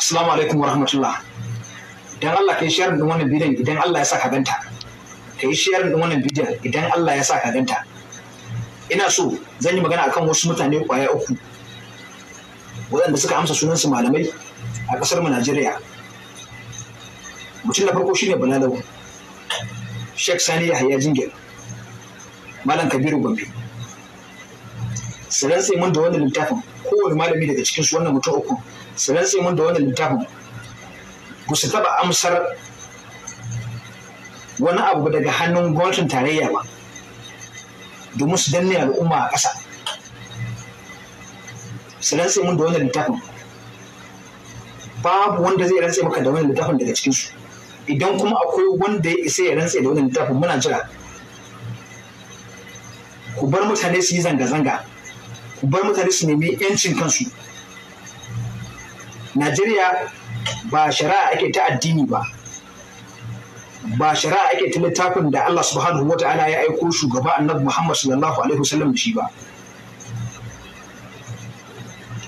assalamu alaikum wa rahmatullah idan Allah yi shayar da wannan bidiyon idan Allah ya sa ka ganta shayar da din wannan bidiyon idan Allah ya sa ka ganta ina so zan yi magana akan wasu mutane kwaya uku waɗanda suka amsa sunansu malamai a ƙasar mu Najeriya mutum na farko shine Balalau Sheikh Sani Yahaya Jingel. Malam Kabiru Gombe sanan sai mun da wannan littafin kowane malami daga cikin su wannan mutum uku su rantse mun da wannan littafin ku su taba amsar wani abu daga hannun gwamnatin tarayya ba domin su danne al'umma a ƙasa su rantse mun da wannan littafin babu wanda zai rantse maka da wannan littafin daga cikinsu idan kuma akwai wanda ya isa ya rantse da wannan littafin muna jira ku bar mutane su yi zanga-zanga ku bar mutane su nemi 'yancin kansu najeriya ba shari'a ake ta addini ba ba shari'a ake ta littafin da Allah subhanahu wa ta'ala ya aiko shugaba annabi Muhammad sallallahu alaihi wasallam da shi ba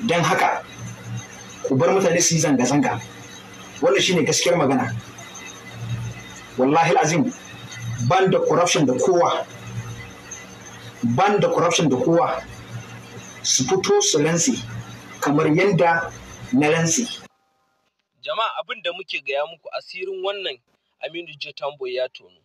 Don haka ku bar mutane su yi zanga-zanga wanda shine gaskiyar magana wallahi azim ban da corruption da kowa ban da corruption da kowa su fito su rantse kamar yadda na rantsi. Jama'a abin da muke gaya muku asirin wannan Aminu Jotambo ya tono.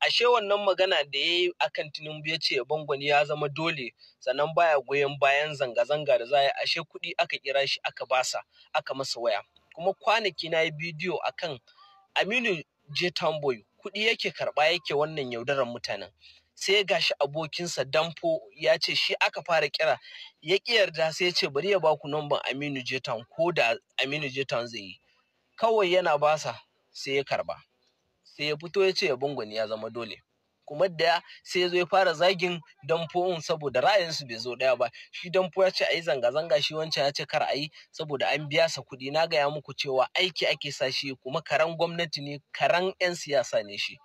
Ashe wannan magana da ya yi akan Tinubu ya ce bangon ya zama dole sannan baya goyon bayan zanga-zanga da za a yi ashe kuɗi aka kira shi aka basa aka masa waya. Kuma kwanaki na yi bidiyo a kan Aminu Jotambo kuɗi yake karɓa yake wannan yaudarar mutanen. sai ya gashi abokinsa damfo ya ce shi aka fara kira ya ƙi yarda sai ya ce bari ya ba ku namban aminu jeton ko da aminu jeton zai yi kawai yana basa sai ya karba sai ya fito ya ce ya ya zama dole kuma da sai ya zo ya fara zagin un saboda ra'ayinsu bai zo ɗaya ba shi damfo ya ce a yi zanga-zanga shi wancan ya ce kar a yi saboda an biya sa kuɗi na gaya muku cewa aiki ake sa shi kuma karen gwamnati ne karen 'yan siyasa ne shi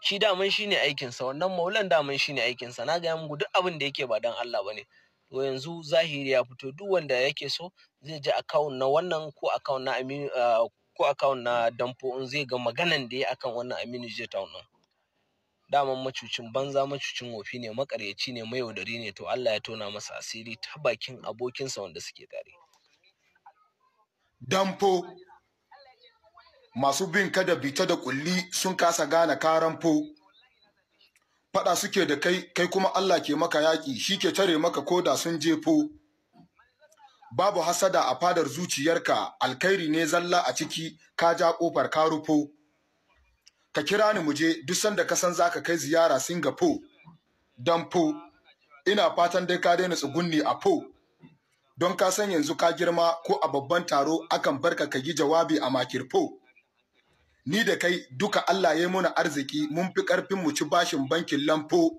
shi daman shine aikinsa wannan maulan daman shine aikinsa na gaya muku duk abin da yake ba dan Allah bane to yanzu zahiri ya fito duk wanda yake so zai je account na wannan ko account na Aminu ah, ko account na Danfo in zai ga maganan da ya akan wannan Aminu zai ta wannan daman macucin banza macucin wofi ne makaryaci ne mai yaudari ne to Allah ya tona masa asiri ta bakin abokinsa wanda suke tare Danfo masu bin kada bita da kulli sun kasa gane karan fo fada suke da kai kai kuma Allah ke maka yaki shi ke tare maka koda sun je jefo babu hasada a fadar zuciyarka alkhairi ne zalla a ciki ka ja kofar ka rufo ka kira ni muje duk sanda ka san zaka kai ziyara Singapore dan ina fatan dai ka daina tsugunni a po don ka san yanzu ka girma ko a babban taro akan barka ka yi jawabi a makirfo ni da kai duka Allah ya yi muna arziki mun fi ƙarfin mu ci bashin bankin lamfo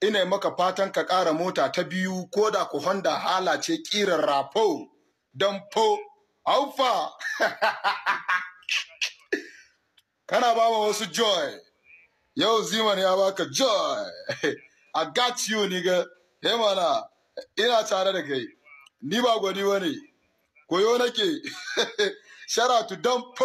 ina maka fatan ka ƙara mota ta biyu ko da ku Honda hala ce ƙirar rafo don po haufa kana ba wasu joy yau ziman ya baka joy i got you nigga hey mana ina tare da kai ni ba gwani bane koyo nake sharatu don po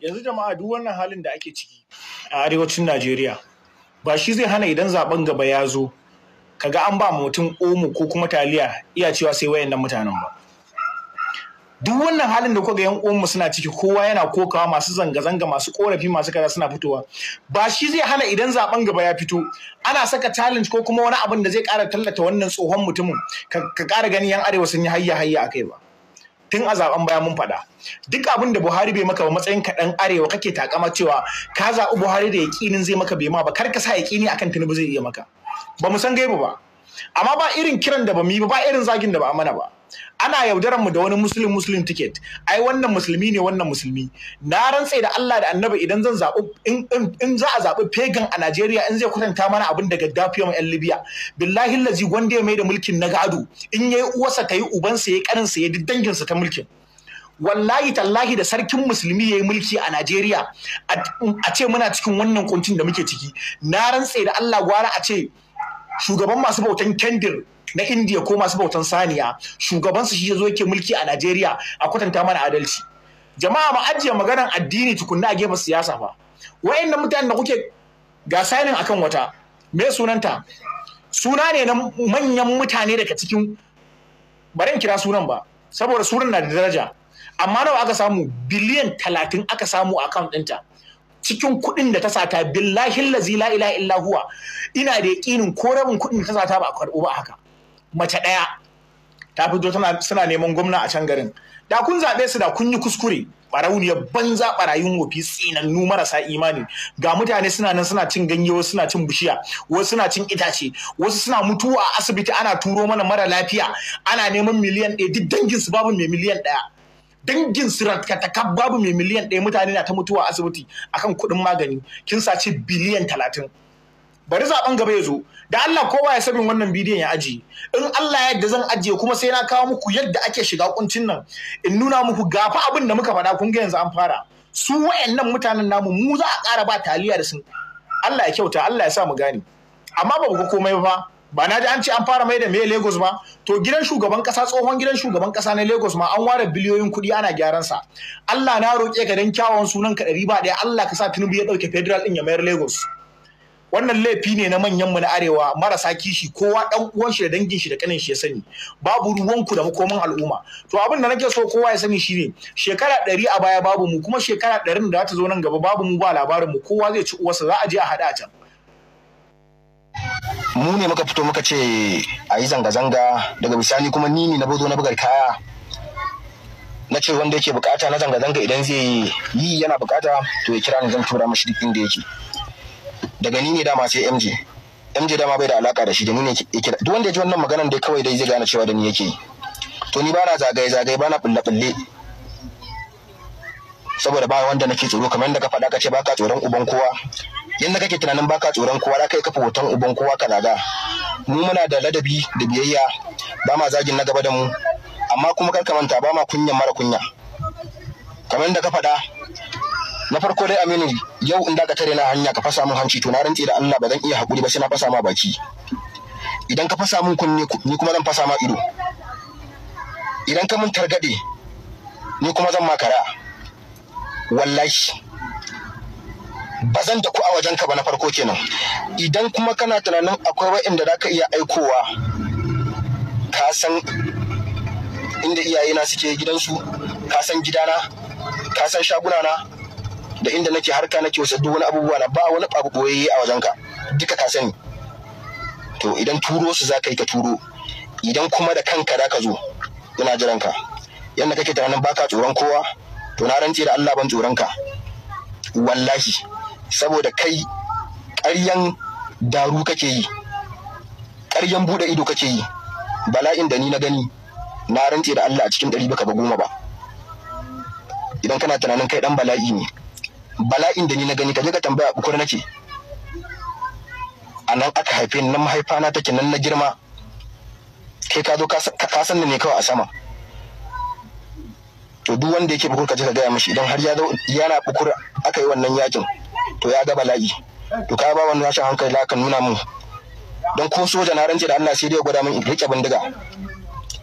yanzu jama'a duk wannan halin da ake ciki a arewacin Najeriya ba shi zai hana idan zaben gaba ya zo kaga an ba mutum omo ko kuma taliya iya cewa sai wayannan mutanen ba duk wannan halin da kuka yan uwanmu suna ciki kowa yana kokawa masu zanga-zanga masu korafi masu kaza suna fitowa ba shi zai hana idan zaben gaba ya fito ana saka challenge ko kuma wani abin da zai kara tallata wannan tsohon mutumin ka kara gani yan arewa sun yi hayya hayya akai ba tun a zaben baya mun faɗa duk abin da Buhari bai maka ba matsayin ka dan arewa kake takama cewa ka zaɓi Buhari da yaƙinin zai maka bai ma ba kar ka sa yakini akan Tinubu zai iya maka ba mu san gaibu ba amma ba irin kiran da ba mu yi ba ba irin zagin da ba a mana ba ana yaudaran mu da wani muslim muslim ticket ai wannan musulmi ne wannan musulmi na rantse da Allah da Annabi idan zan zabu in za a zabi pagan a Najeriya in zai kwatanta mana abin da Gaddafi mu yan Libya billahi lazi wanda ya mai da mulkin na gado in yayi uwarsa tayi ubansa yayi ya yayi dangin sa ta mulkin wallahi tallahi da sarkin musulmi ya yi mulki a Najeriya a ce muna cikin wannan kuncin da muke ciki na rantse da Allah gwara a ce shugaban masu bautan kendir na indiya ko masu bautan saniya shugabansu shi zo yake mulki a najeriya a kwatanta mana adalci jama'a ba ajiye maganar addini tukunna a gefen siyasa fa wa'annan mutanen da kuke gasa sanin akan wata me sunanta suna ne na manyan mutane daga cikin bari in kira sunan ba saboda sunan na da daraja amma nawa aka samu biliyan talatin aka samu a account ɗinta cikin kuɗin da ta sata billahi la ilaha illa huwa ina da yaƙinin ko rabin kuɗin da ta sata ba a karɓo ba haka mace ɗaya ta fito suna neman gwamna a can garin da kun zaɓe su da kun yi kuskure ɓarauniyar banza ɓarayin wofi tsinannu marasa imani ga mutane suna nan suna cin ganye wasu suna cin bishiya wasu suna cin itace wasu suna mutuwa a asibiti ana turo mana mara lafiya ana neman miliyan ɗaya duk dangin su babu mai miliyan ɗaya dangin su babu mai miliyan ɗaya mutane na ta mutuwa a asibiti akan kuɗin magani kin sace biliyan talatin bari zaben gaba ya zo da Allah kowa ya sabin wannan bidiyon ya aji in Allah ya yadda zan ajiye kuma sai na kawo muku yadda ake shiga kuncin nan in nuna muku gafa abin da muka faɗa kun ga yanzu an fara su wayannan mutanen namu mu za a ƙara ba taliya da sun Allah ya kyauta Allah ya sa mu gane amma ba ku komai ba ba na ji an ce an fara mai da me Lagos ba to gidan shugaban kasa tsohon gidan shugaban kasa na Lagos ma an ware biliyoyin kuɗi ana gyaran sa Allah na roƙe ka dan kyawawan sunan ka ɗari ba ɗaya Allah ka sa Tinubu ya ɗauke federal ɗin ya mayar Lagos wannan laifi ne na manyan mu na arewa marasa kishi kowa dan uwan shi da dangin shi da kanin shi ya sani babu ruwan ku da makoman al'umma to abin da nake so kowa ya sani shine shekara ɗari a baya babu mu kuma shekara ɗari da za ta zo nan gaba babu mu ba labarin mu kowa zai ci uwarsa za a je a haɗa a can mu ne muka fito muka ce a yi zanga-zanga daga bisani kuma ni ne na bozo na bugar kaya na ce wanda yake bukata na zanga-zanga idan zai yi yana bukata to ya kira ni zan tura mashi duk inda yake daga ni ne dama sai MJ MJ dama bai da alaka da shi da ni ne kira duk wanda ya ji wannan maganar dai kawai dai zai gane cewa da ni yake to ni bana zagaye zagaye bana bulle bulle saboda ba wanda nake tsoro kamar yadda ka faɗa ka ce baka tsoron uban kowa yadda kake tunanin baka tsoron kowa za ka yi kafa hoton uban kowa ka zaga mu muna da ladabi da biyayya ba ma zagin na gaba da mu amma kuma kar ka manta ba ma kunyan mara kunya kamar yadda ka faɗa na farko dai aminu yau in da ka tare na hanya ka fasa min hanci to na rantse da Allah ba zan iya hakuri ba sai na fasa ma baki idan ka fasa min kunne ni kuma zan fasa ma ido idan ka mun targade ni kuma zan makara wallahi ba zan da ku a wajenka ba na farko kenan idan kuma kana tunanin akwai wa'inda za ka iya aikowa ka san inda iyayena suke gidansu ka san gidana ka san na da inda nake harka nake wasu duk wani abubuwa na ba wani abu boyayye a wajenka duka ka sani to idan turo su za ka yi ka turo idan kuma da kanka da ka zo ina jiran ka yanda kake tunanin baka tsoron kowa to na rantse da Allah ban tsoron ka wallahi saboda kai ƙaryan daru kake yi karyan buɗe ido kake yi bala'in da ni na gani na rantse da Allah a cikin ɗari baka ba goma ba idan kana tunanin kai ɗan bala'i ne bala'in da ni na gani ka je ka tambaya bukur nake a nan aka haife ni nan mahaifa na take nan na girma kai ka zo ka san ne kawai a sama to duk wanda yake bukur ka je ka gaya mishi idan har ya zo yana bukur aka yi wannan yakin to ya ga bala'i to ka ba wani rashin hankali la kan nuna mu. don ko soja na rance da Allah sai dai ya gwada min in rike bindiga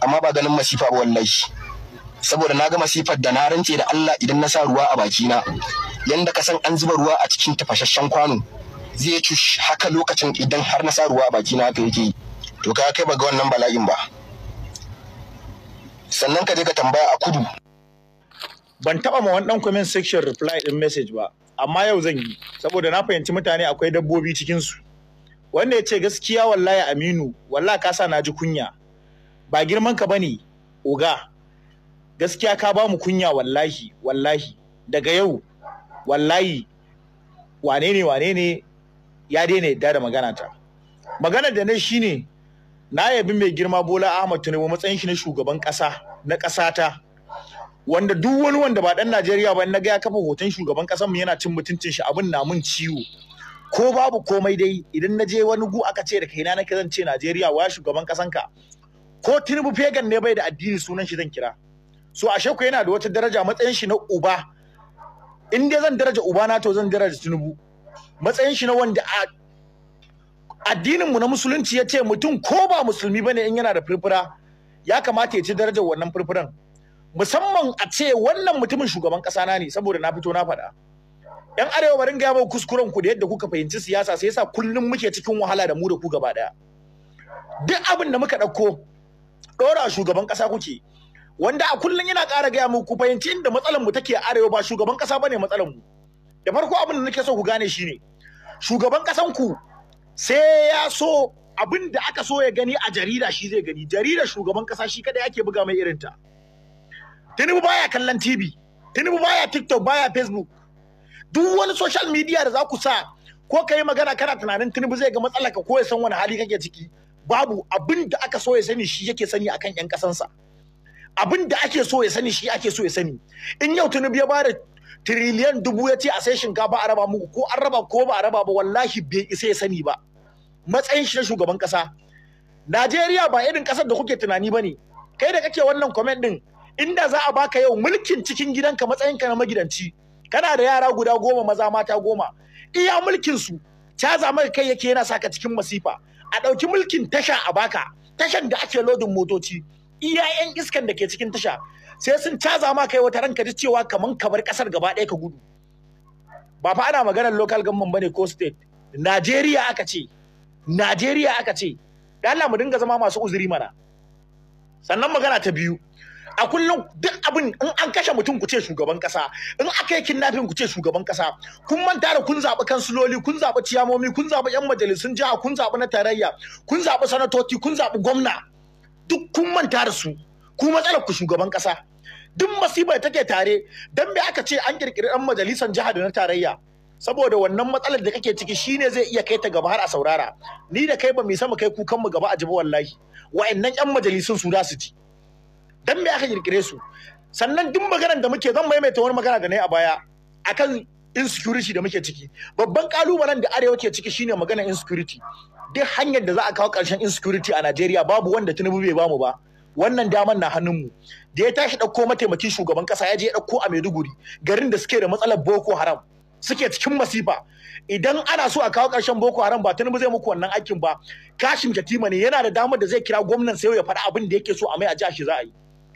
amma ba ganin masifa ba wallahi saboda na ga masifar da na rance da Allah idan na sa ruwa a bakina yanda ka san an zuba ruwa a cikin tafashashen kwano zai cush haka lokacin idan har na sa ruwa a baki na haka yake to ka kai ba ga wannan bala'in ba sannan ka je ka tambaya a kudu ban taba ma wannan dan comment section reply din message ba amma yau zan yi saboda na fahimci mutane akwai dabbobi cikin su wanda ya ce gaskiya wallahi aminu wallahi ka sa na ji kunya ba girman ka bane oga gaskiya ka ba mu kunya wallahi wallahi daga yau wallahi wane ne wane ne ya daina yadda da magana ta magana da na shi ne, na yabi mai girma Bola Ahmad Tinubu matsayin shi na shugaban kasa na kasa wanda duk wani wanda ba dan Najeriya ba na ga ya kafa hoton shugaban kasar mu yana cin mutuncin shi abin na mun ciwo ko babu komai dai idan na je wani gu aka ce da kaina na zan ce Najeriya wa shugaban kasan ka ko Tinubu fegan ne bai da addini sunan shi zan kira so ashe ku yana da wata daraja matsayin shi na uba in dai zan daraja Uba ubana to zan daraja tinubu matsayin shi na wanda a addinin mu na musulunci ya ce mutum ko ba musulmi bane in yana da furfura ya kamata ya ci darajar wannan furfuran musamman a ce wannan mutumin shugaban kasa na ne saboda na fito na faɗa yan arewa barin gaya mai kuskuren ku da yadda kuka fahimci siyasa sai yasa kullum muke cikin wahala da mu da ku gaba daya duk abin da muka ɗauko dora shugaban ƙasa kuke wanda a kullum yana ƙara gaya mu ku fahimci inda matsalar mu take arewa ba shugaban ƙasa bane matsalar mu da farko abin da nake so ku gane shine shugaban ƙasan ku sai ya so abin da aka so ya gani a jarida shi zai gani jaridar shugaban ƙasa shi kadai ake buga mai irinta Tinubu baya kallon TV Tinubu baya TikTok baya Facebook duk wani social media da za ku sa ko ka yi magana kana tunanin Tinubu zai ga matsala ko ya san wani hali kake ciki babu abin da aka so ya sani shi yake sani akan 'yan ƙasansa. abin da ake so ya sani shi ake so ya sani in yau tunubu ya bada tiriliyan dubu ya ce a sai shinkafa a raba muku ko an raba ko ba a raba ba wallahi bai isa ya sani ba matsayin shi na shugaban kasa Najeriya ba irin kasar da kuke tunani ba ne kai da kake wannan comment din inda za a baka yau mulkin cikin gidanka matsayinka na magidanci kana da yara guda goma maza mata goma iya mulkin su caza zama kai yake yana saka cikin masifa a ɗauki mulkin tasha a baka tashan da ake lodin motoci iya yan iskan da ke cikin tasha sai sun caza ma kai wata ranka ji cewa kaman kabar kasar gaba ɗaya ka gudu ba fa ana maganar local government bane ko state Najeriya aka ce Najeriya aka ce da Allah mu dinga zama masu uzuri mana sannan magana ta biyu a kullum duk abin in an kashe mutum ku ce shugaban kasa in aka yi kidnapping ku ce shugaban kasa kun manta da kun zaɓi kansiloli kun zaɓi ciyamomi kun zaɓi yan majalisun jiha kun zaɓi na tarayya kun zaɓi sanatoci kun zaɓi gwamna duk kun manta da su ku matsalar ku shugaban kasa duk masibar take tare dan me aka ce an kirkiri dan majalisar jiha da na tarayya saboda wannan matsalar da kake ciki shine zai iya kai ta gaba har a saurara ni da kai ba mu sama kai kukan mu gaba a jibi wallahi wa'annan yan majalisun su da su ji dan me aka kirkire su sannan duk maganar da muke zan maimaita wani magana da nayi a baya akan insecurity da muke ciki babban kalubalen da arewa ke ciki shine maganar insecurity duk hanyar da za a kawo ƙarshen insecurity a Najeriya babu wanda Tinubu bai bamu ba wannan daman na hannunmu da ya tashi ɗauko mataimakin shugaban ƙasa ya je ya ɗauko a Maiduguri garin da suke da matsalar Boko Haram suke cikin masifa idan ana so a kawo ƙarshen Boko Haram ba Tinubu zai muku wannan aikin ba Kashin Shatima ne yana da damar da zai kira gwamnan sai ya faɗa abin da yake so a mai a shi za a yi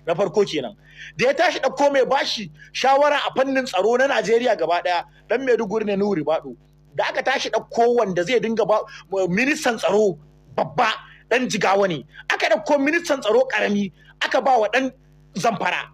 na farko kenan da ya tashi ɗauko mai bashi shawara a fannin tsaro na Najeriya gaba ɗaya dan Maiduguri ne Nuhu Bado. da aka tashi ɗauko wanda zai dinga ba ministan tsaro babba ɗan jigawa ne aka ɗauko ministan tsaro ƙarami aka ba wa ɗan zamfara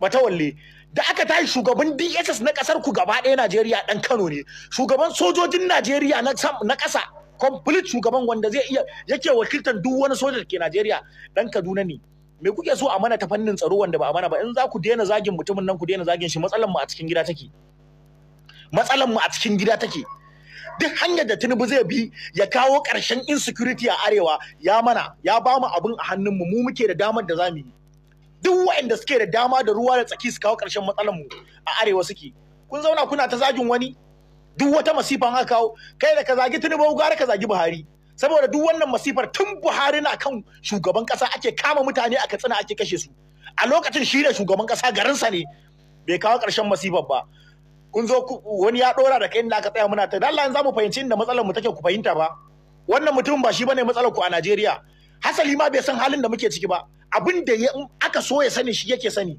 matawalle da aka tashi shugaban dss na ƙasar ku gaba ɗaya najeriya ɗan kano ne shugaban sojojin najeriya na kasa, complete shugaban wanda zai iya yake wakiltar duk wani soja da ke najeriya ɗan kaduna ne me kuke so a mana ta fannin tsaro wanda ba a mana ba in za ku daina zagin mutumin nan ku daina zagin shi matsalar mu a cikin gida take matsalar mu a cikin gida take duk hanyar da tinubu zai bi ya kawo ƙarshen insecurity a arewa ya mana ya ba mu abin a hannunmu mu mu muke da damar da zamu yi duk waɗanda suke da dama da ruwa da tsaki su kawo ƙarshen matsalar mu a arewa suke kun zauna kuna ta zagin wani duk wata masifan aka kawo kai da ka zagi tinubu gara ka zagi buhari saboda duk wannan masifar tun buhari na kan shugaban ƙasa ake kama mutane a katsina ake kashe su a lokacin shi ne shugaban ƙasa garinsa ne bai kawo ƙarshen masifar ba kun zo wani ya dora da kai inda aka tsaya muna ta Allah yanzu mu fahimci inda matsalar mu take ku fahimta ba wannan mutum ba shi bane matsalar ku a Najeriya hasali ma bai san halin da muke ciki ba abin da aka so ya sani shi yake sani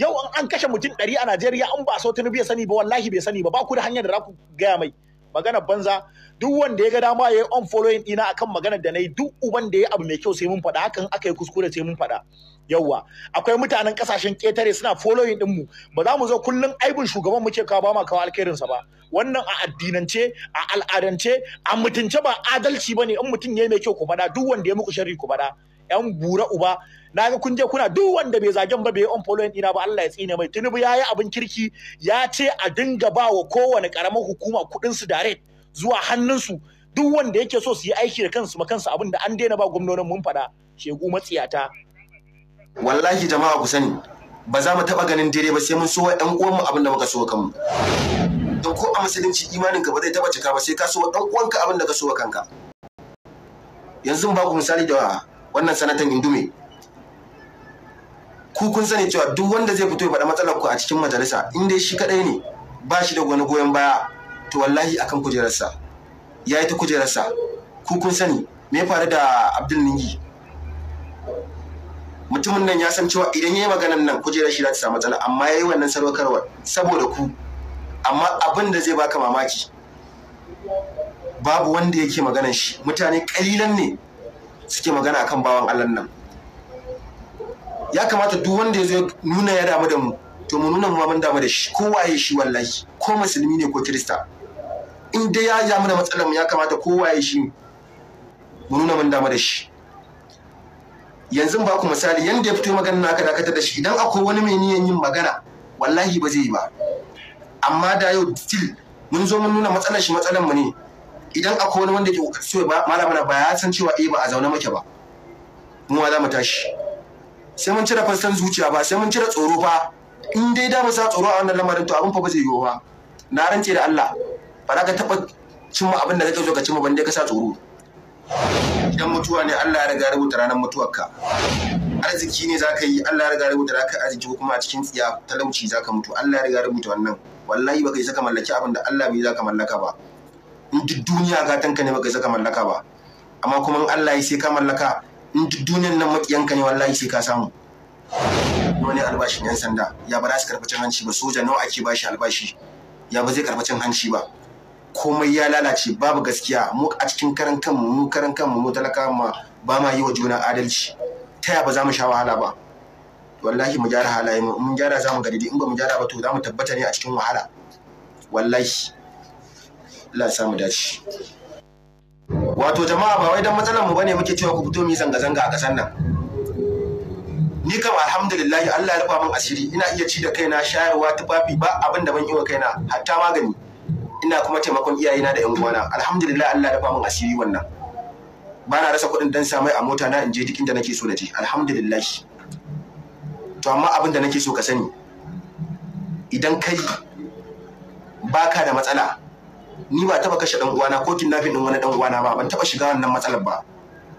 yau an kashe mutum ɗari a Najeriya an ba so Tinubu ya sani ba wallahi bai sani ba ba ku da hanyar da za ku gaya mai magana banza duk wanda ya ga dama ya yi on following ina akan magana da na yi duk uban da yi abu mai kyau sai mun faɗa hakan aka yi kuskure sai mun faɗa yawwa akwai mutanen kasashen ketare suna following din mu ba za mu zo kullun aibin shugaban muke kawo ba ma kawo alkhairin sa ba wannan a addinance a al'adance a mutunce ba adalci bane in mutum ya yi mai kyau ku faɗa duk wanda ya muku sharri ku faɗa yan bura uba na ga kun je kuna duk wanda bai zagen ba bai on following dina ba Allah ya tsine mai Tinubu ya yi abin kirki ya ce a dinga ba wa kowane karamar hukuma kuɗin su direct zuwa hannunsu duk wanda yake so su yi aiki da kansu ma kansu abin da an daina ba gwamnonin mun faɗa shegu matsiyata wallahi jama'a ku sani ba za mu taɓa ganin daidai ba sai mun so wa ɗan mu abin da muka so kanmu don ko a musulunci imanin ka ba zai taɓa cika ba sai ka so wa ɗan uwanka abin da ka so kanka yanzu ba ku misali da wannan sanatan indume ku kun sani cewa duk wanda zai fito ya faɗa matsalar ku a cikin majalisa in dai shi kaɗai ne ba shi da wani goyon baya to wallahi akan kujerarsa ya yi ta kujerarsa ku kun sani me ya faru da abdul ningi mutumin nan ya san cewa idan ya yi maganan nan kujerar shi za ta samu matsala amma ya yi wannan sadaukarwar saboda ku amma abin da zai baka mamaki babu wanda yake maganan shi mutane kalilan ne suke magana akan bawan allah nan ya kamata duk wanda ya zo nuna ya damu da mu to mu nuna mu mun damu da shi ko waye shi wallahi ko musulmi ne ko kirista in dai ya ja mana matsalar mu ya kamata ko waye shi mu nuna mun damu da shi yanzu ba ku misali yanda ya fito magana naka dakatar da shi idan akwai wani mai niyan yin magana wallahi ba zai yi ba amma da yau til mun zo mun nuna matsalar shi matsalar mu ne idan akwai wani wanda ke so ya ba malamana ba ya san cewa eh ba a zaune muke ba mu za mu tashi sai mun cire fastan zuciya ba sai mun cire tsoro ba in dai da mu sa tsoro a wannan lamarin to abin fa ba zai yiwu ba na rance da Allah ba za ka taɓa mu abin da kake so ka mu ban dai ka sa tsoro idan mutuwa ne Allah ya riga ya rubuta ranar mutuwarka arziki ne zaka yi Allah ya riga ya rubuta zaka arziki ko kuma a cikin tsiya talauci zaka mutu Allah ya riga ya rubuta wannan wallahi baka yi saka mallaki abin da Allah bai zaka mallaka ba in duk duniya tanka ne baka yi saka mallaka ba amma kuma in Allah ya sai ka mallaka in duk duniyar nan makiyanka ne wallahi sai ka samu wani albashin yan sanda ya ba za su karɓi cin hanci ba soja nawa ake bashi albashi ya ba zai karɓi cin hanci ba komai ya lalace babu gaskiya mu a cikin karan kanmu mu karan kanmu mu talaka ma ba ma yi wa juna adalci ta ya ba za mu sha wahala ba wallahi mu gyara halaye mu mun gyara za mu gadi in ba mu gyara ba to za mu tabbata ne a cikin wahala wallahi Allah ya samu dace wato jama'a ba wai dan matsalar mu bane muke cewa ku fito mu zanga zanga a kasar nan ni kam alhamdulillah Allah ya rufa min asiri ina iya ci da kaina shayarwa tufafi ba abin da ban yi wa kaina hatta magani ina kuma taimakon iyayena da yan uwana alhamdulillah Allah ya rufa min asiri wannan ba rasa kuɗin dan samai a mota na in je duk da nake so na je alhamdulillah to amma abin da nake so ka sani idan kai baka da matsala ni ba taba kashe dan uwana ko kidnapping din wani dan uwana ba ban taba shiga wannan matsalar ba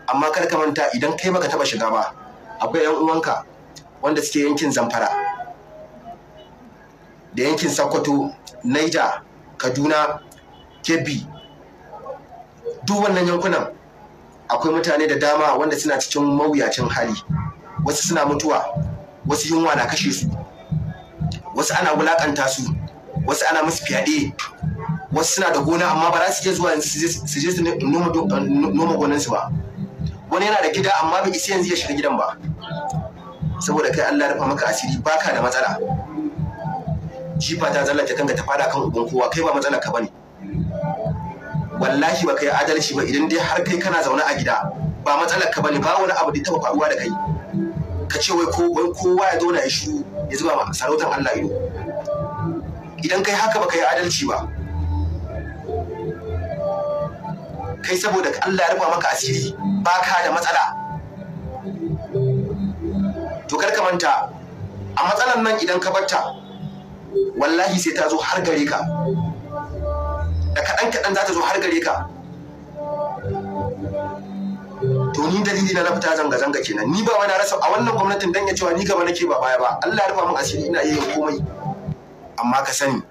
amma kar ka manta idan kai baka taba shiga ba akwai yan uwanka wanda suke yankin Zamfara da yankin Sokoto Niger Kaduna Kebbi duk wannan yankunan akwai mutane da dama wanda suna cikin mawuyacin hali wasu suna mutuwa wasu yunwa na kashe su wasu ana wulakanta su wasu ana musu fyaɗe wasu suna da gona amma ba za su je zuwa su je su eh, noma gonansu ba wani yana da gida amma bai isa yanzu ya shiga gidan ba saboda kai Allah rufa maka asiri baka da matsala jifa ta ta kanka ta fada kan ubun kowa kai ba matsala ka bane wallahi ba kai adalci ba idan dai har kai kana zaune a gida ba matsala ka bane ba wani abu da taba faruwa da kai ka ce wai ko wai kowa ya zauna ya shiru ya zuba ma sarautar Allah ido idan kai haka ba kai adalci ba kai saboda Allah ya rufa maka asiri baka da matsala to kar manta a matsalan nan idan ka batta wallahi sai ta zo har gare ka da kaɗan kaɗan za ta zo har gare ka to ni dalili na fita zanga zanga kenan ni ba wani rasa a wannan gwamnatin dan ya cewa ni gaba nake ba baya ba Allah ya rufa min asiri ina yi yin komai amma ka sani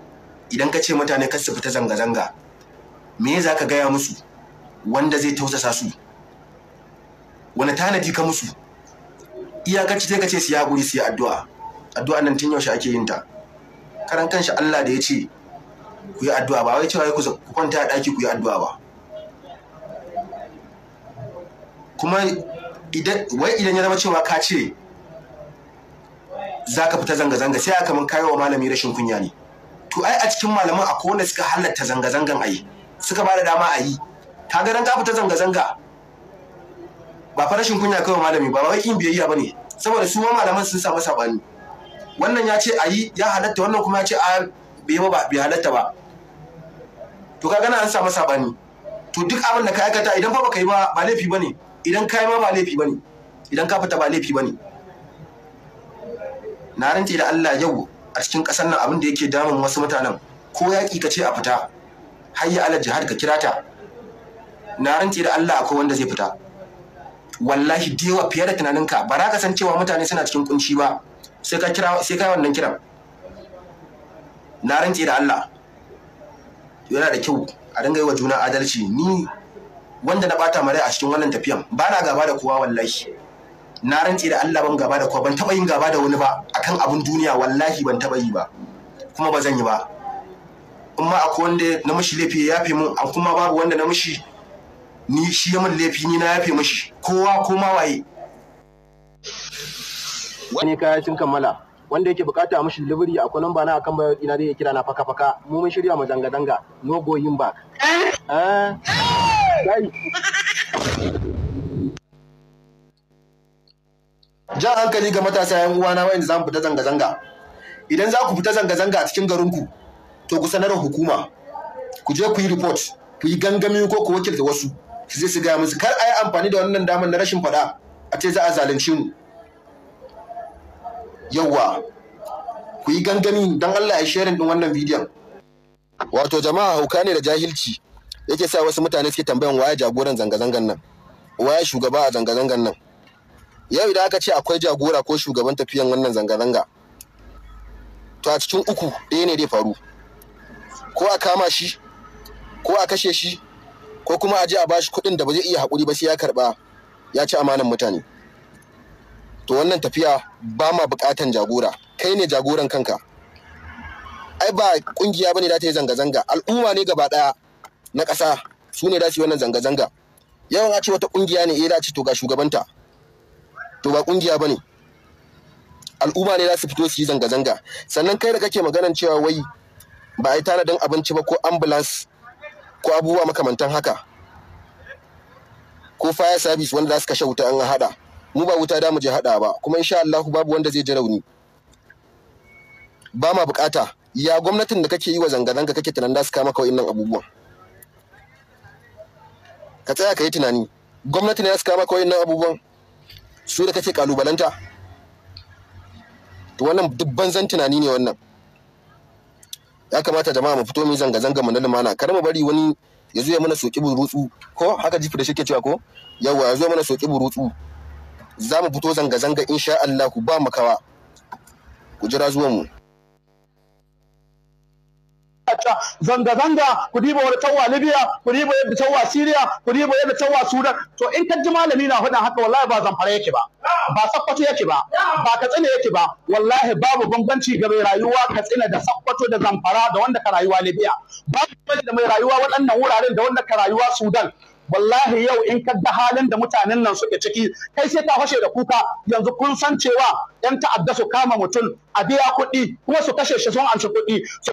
idan ka ce mutane kar su fita zanga zanga me za ka gaya musu wanda zai tausasa su wani tanadi ka musu iyakaci sai ka ce ya guri yi addu'a addu'a nan tun yaushe ake yin ta karan kanshi Allah da ya ce ku yi addu'a ba wai cewa ku kwanta a ɗaki ku yi addu'a ba kuma wai idan ya zama cewa ka ce za ka fita zanga-zanga sai aka kamar kayo wa malami rashin kunya ne to ai a cikin malaman akwai wanda suka halatta zanga-zangan a yi suka ba da dama a yi kaga dan ka fita zanga zanga ba farashin kunya kawai malami ba wai kin biyayya bane saboda su ma malaman sun samu sabani wannan ya ce ayi ya halatta wannan kuma ya ce a bai ba bai halatta ba to kaga na an samu sabani to duk abin da ka aikata idan fa baka yi ba ba laifi bane idan ka yi ma ba laifi bane idan ka fita ba laifi bane na rantse da Allah yau a cikin ƙasar nan abin da yake damun wasu mutanen ko yaƙi ka ce a fita hayya ala jihad ka kira ta na rantse da Allah akwai wanda zai fita wallahi yawa fiye da tunaninka ba za ka san cewa mutane suna cikin kunshi ba sai ka kira sai ka wannan kiran na rantse da Allah yana da kyau a dinga yi wa juna adalci ni wanda na bata mare a cikin wannan tafiyan ba na gaba da kowa wallahi na rantse da Allah ban gaba da kowa ban taba yin gaba da wani ba akan abun duniya wallahi ban taba yi ba kuma ba zan yi ba in ma akwai wanda na mishi laifi ya fi mun kuma babu wanda na mishi ni shi ya min laifi ni na yafe mishi kowa ko ma waye wani kaya sun kammala wanda yake bukata mishi delivery akwai namba na akan bayar ina ya kira na faka faka mu mun shirya mu danga danga no going back eh, eh? jan hankali ga matasa yan uwana wayanda za mu fita zanga zanga idan za ku fita zanga zanga a cikin garinku to ku sanar da hukuma ku je ku yi report ku yi gangami ko ku wakilta wasu su je su gaya musu kar a yi amfani da wannan damar na rashin faɗa a ce za a zalunce mu yawwa ku yi gangami don Allah ya sharing din wannan bidiyon wato jama'a hauka ne da jahilci yake sa wasu mutane suke tambayan waye jagoran zanga-zangan nan waye shugaba a zanga-zangan nan yau idan aka ce akwai jagora ko shugaban tafiyan wannan zanga-zanga to a cikin uku ɗaya ne dai faru ko a kama shi ko a kashe shi ko kuma a je a bashi kuɗin da ba zai iya haƙuri ba sai ya karɓa ya ci amanan mutane to wannan tafiya ba ma buƙatan jagora kai ne jagoran kanka ai ba ƙungiya bane da ta yi zanga-zanga al'umma ne gaba ɗaya na ƙasa su ne da su yi wannan zanga-zanga yawan a ce wata ƙungiya ne eh da ce to ga shugabanta to ba ƙungiya bane al'umma ne za su fito su yi zanga-zanga sannan kai da kake maganan cewa wai ba a yi tanadin abinci ba ko ambulance ko abubuwa makamantan haka ko fire service wanda za su kashe wuta an hada mu ba wuta da mu je hada ba kuma insha Allah babu wanda zai ji rauni ba ma bukata ya gwamnatin da kake yi wa zanga-zanga kake tunanin da su kama kawai nan abubuwan ka tsaya ka yi tunani gwamnati ne ya su kama kawai nan abubuwan su da kake kalubalanta to wannan dubban zan tunani ne wannan ya kamata jama'a mu fito mu zanga-zanga mu na lumana kar mu bari wani ya zo ya mana soki burutsu ko haka jifi da shike cewa ko yawa ya zo mana soki burutsu za mu fito zanga-zanga insha Allah ku ba makawa ku jira zuwa mu ta zanga-zanga ku diba wani tawa libya ku diba yadda tawa syria ku diba yadda tawa sudan to in ka ji malami na faɗin haka wallahi ba zamfara yake ba ba sakkwato yake ba ba katsina yake ba wallahi babu bambanci ga mai rayuwa katsina da sakkwato da zamfara da wanda ka rayuwa libya babu da mai rayuwa waɗannan wuraren da wanda ka rayuwa sudan wallahi yau in ka ga halin da mutanen nan suke ciki kai sai ka fashe da kuka yanzu kun san cewa yan ta'adda su kama mutum a biya kuɗi kuma su kashe shi sun amshi kuɗi su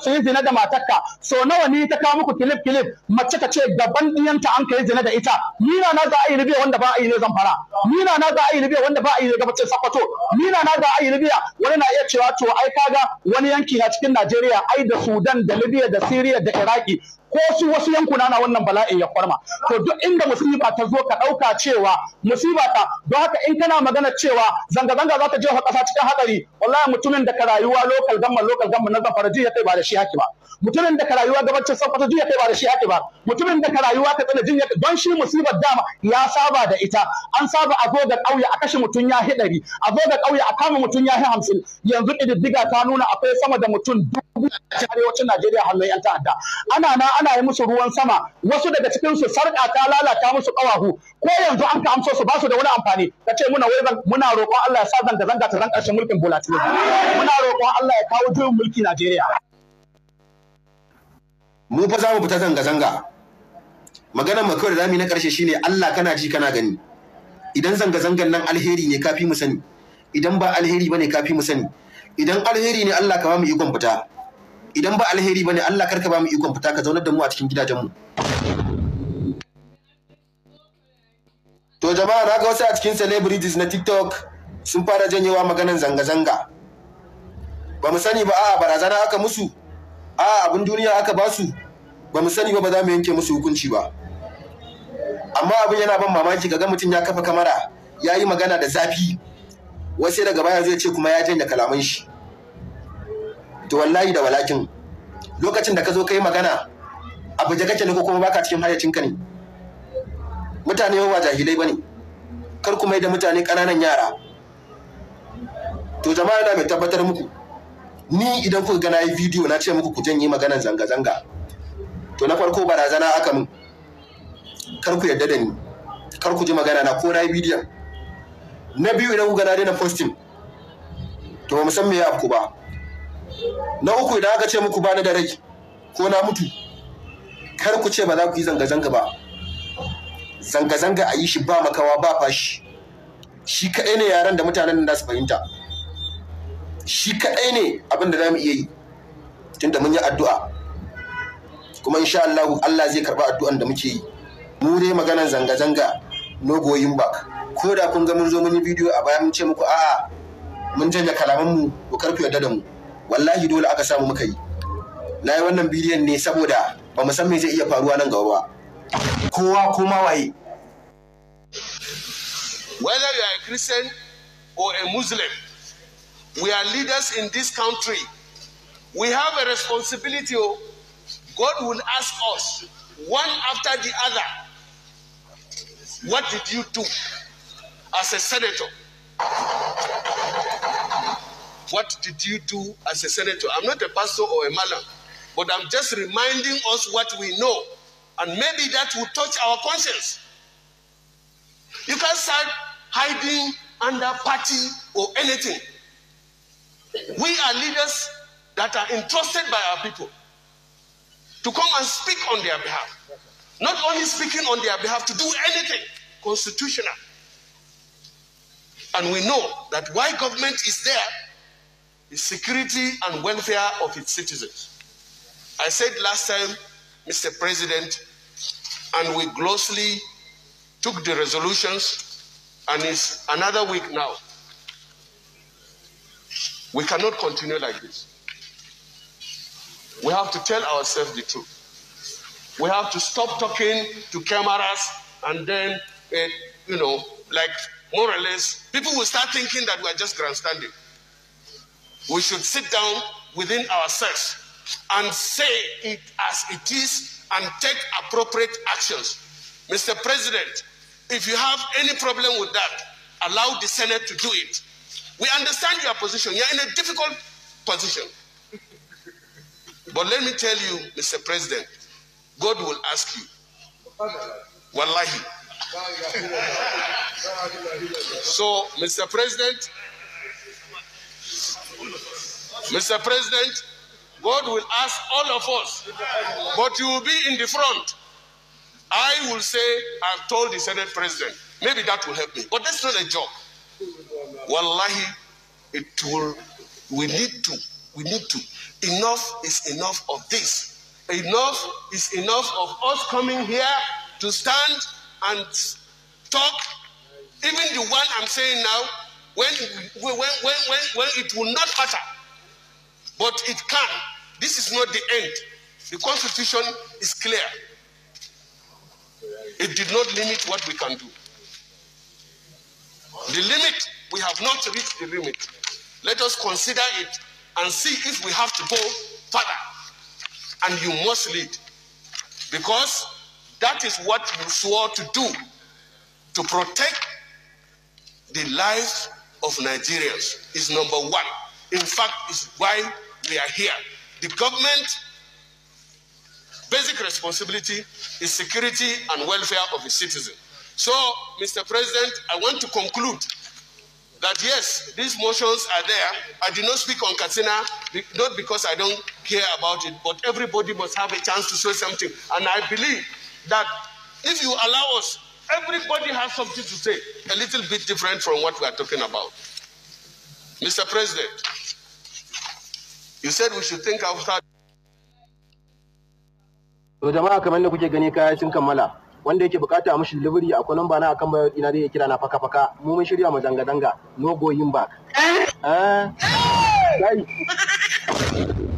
su yi zina da matarka so nawa ni ta kawo muku kilif kilif mace ta ce gaban ɗiyanta an kai zina da ita Ni na za a yi ribiya wanda ba a yi ne zamfara Ni na za a yi ribiya wanda ba a yi ne mace sakwato Ni na za a yi ribiya wani na iya cewa to ai kaga wani yanki na cikin Najeriya ai da Sudan da Libya da Syria da Iraki ko su wasu yankuna na wannan bala'in ya kwarma to duk inda musiba ta zo ka ɗauka cewa musiba ta don haka in kana magana cewa zanga-zanga za ta jefa ƙasa cikin hadari wallahi mutumin da ka rayuwa lokal gamma lokal gamma na ji ya kai ba da shi haki ba mutumin da ka rayuwa gabacin ji ya kai ba da shi haki ba mutumin da ka rayuwa ka tsana jin ya don shi musibar dama ya saba da ita an saba a zo ga ƙauye a kashe mutum ya hi a zo ga ƙauye a kama mutum ya hi hamsin yanzu ƙididdiga ta nuna akwai sama da mutum duk ta arewacin Najeriya hannun 'yan ta'adda. Ana na ana yi musu ruwan sama, wasu daga cikin su sarƙa ta lalata musu ƙawahu, ko yanzu an ka amso su ba su da wani amfani. Ka ce muna wai muna roƙon Allah ya sa zanga zanga ta zan ƙarshen mulkin Bola Muna roƙon Allah ya kawo juyin mulki Najeriya. Mu fa za mu fita zanga zanga. Maganar mu kawai da zamu yi na ƙarshe shine Allah kana ji kana gani. Idan zanga zangan nan alheri ne kafi mu sani. Idan ba alheri bane kafi mu sani. Idan alheri ne Allah ka ba mu ikon fita. idan ba alheri bane Allah karka ba mu ikon fita ka zaunar da mu a cikin gidajenmu to jama'a na ga wasu a cikin celebrities na TikTok sun fara janyewa maganan zanga-zanga ba mu sani ba a barazana aka musu a abin duniya aka ba su ba mu sani ba ba za mu yanke musu hukunci ba amma abin yana ban mamaki ga mutum ya kafa kamara ya yi magana da zafi wasu daga baya zai ce kuma ya janye kalaman shi to wallahi da walakin lokacin da ka zo kai magana abu da kake ne ko kuma baka cikin hayyacinka ne mutane ba jahilai bane kar kuma da mutane ƙananan yara to jama'a na mai tabbatar muku ni idan kuka ga na yi bidiyo na ce muku ku janye maganar zanga-zanga to na farko barazana aka min kar ku yarda da ni kar ku ji magana na ko na yi bidiyon na biyu idan kuka na daina posting to ba musamman san me ya ku ba na uku idan aka ce muku bani da rai ko na mutu kar ku ce ba za ku yi zanga-zanga ba zanga-zanga a yi shi ba makawa ba fashi shi kaɗai ne yaren da mutanen da su fahimta shi kaɗai ne abin da za mu iya yi tun da mun yi addu'a kuma insha Allah Allah zai karɓi addu'an da muke yi mu dai maganar zanga-zanga no going ko da kun ga mun zo mun yi bidiyo a baya mun ce muku a'a mun janye kalaman mu ku karku yarda da mu wallahi dole aka samu muka yi na yi wannan bidiyon ne saboda ba mu san me zai iya faruwa nan gaba ba kowa kuma waye whether you are a christian or a muslim we are leaders in this country we have a responsibility oh. god will ask us one after the other what did you do as a senator What did you do as a senator? I'm not a pastor or a malam, but I'm just reminding us what we know. And maybe that will touch our conscience. You can't start hiding under party or anything. We are leaders that are entrusted by our people to come and speak on their behalf. Not only speaking on their behalf, to do anything constitutional. And we know that why government is there the security and welfare of its citizens. I said last time, Mr. President, and we grossly took the resolutions, and it's another week now. We cannot continue like this. We have to tell ourselves the truth. We have to stop talking to cameras and then, uh, you know, like more or less, people will start thinking that we are just grandstanding. we should sit down within ourselves and say it as it is and take appropriate actions. Mr. President, if you have any problem with that, allow the Senate to do it. We understand your position. You're in a difficult position. but let me tell you, Mr. President, God will ask you. Wallahi. so, Mr. President, Mr. President, God will ask all of us, but you will be in the front. I will say, I've told the Senate President. Maybe that will help me. But that's not a joke. Wallahi, it will. We need to. We need to. Enough is enough of this. Enough is enough of us coming here to stand and talk. Even the one I'm saying now, when, when, when, when, when it will not matter. But it can. This is not the end. The Constitution is clear. It did not limit what we can do. The limit, we have not reached the limit. Let us consider it and see if we have to go further. And you must lead. Because that is what you swore to do to protect the lives of Nigerians is number one. In fact, it's why we are here. The government basic responsibility is security and welfare of the citizen. So, Mr. President, I want to conclude that yes, these motions are there. I did not speak on Katsina, not because I don't care about it, but everybody must have a chance to say something. And I believe that if you allow us Everybody has something to say, a little bit different from what we are talking about. Mr. President, you said we should think outside. To jama'a kamar da kuke gani kaya sun kammala wanda yake bukata delivery akwai namba na akan bayar ina kira na faka faka mu mun shirya mu no going back. Eh. eh?